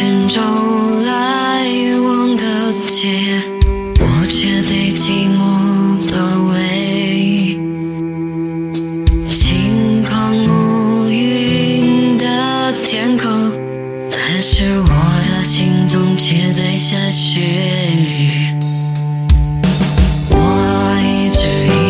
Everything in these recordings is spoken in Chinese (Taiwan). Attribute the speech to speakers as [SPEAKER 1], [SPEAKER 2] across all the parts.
[SPEAKER 1] 群
[SPEAKER 2] 中來往的街，我卻被寂寞包圍。晴空無雲的天空，但是我的心中卻在下雪。我一直以。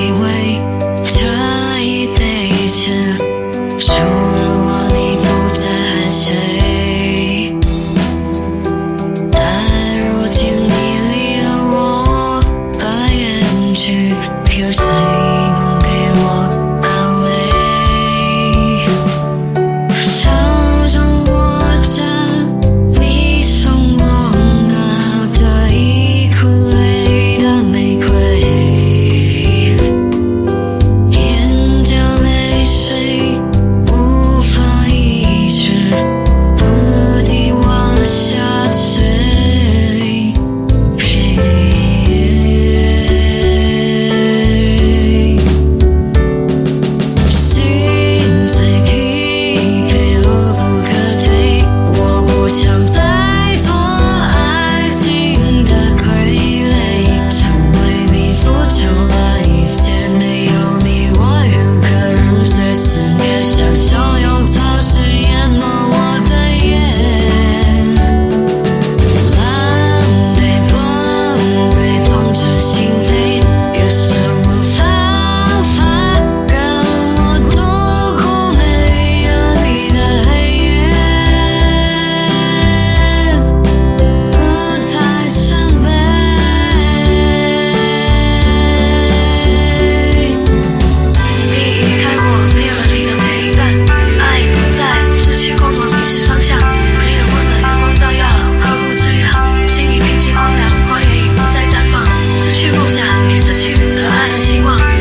[SPEAKER 2] 希望。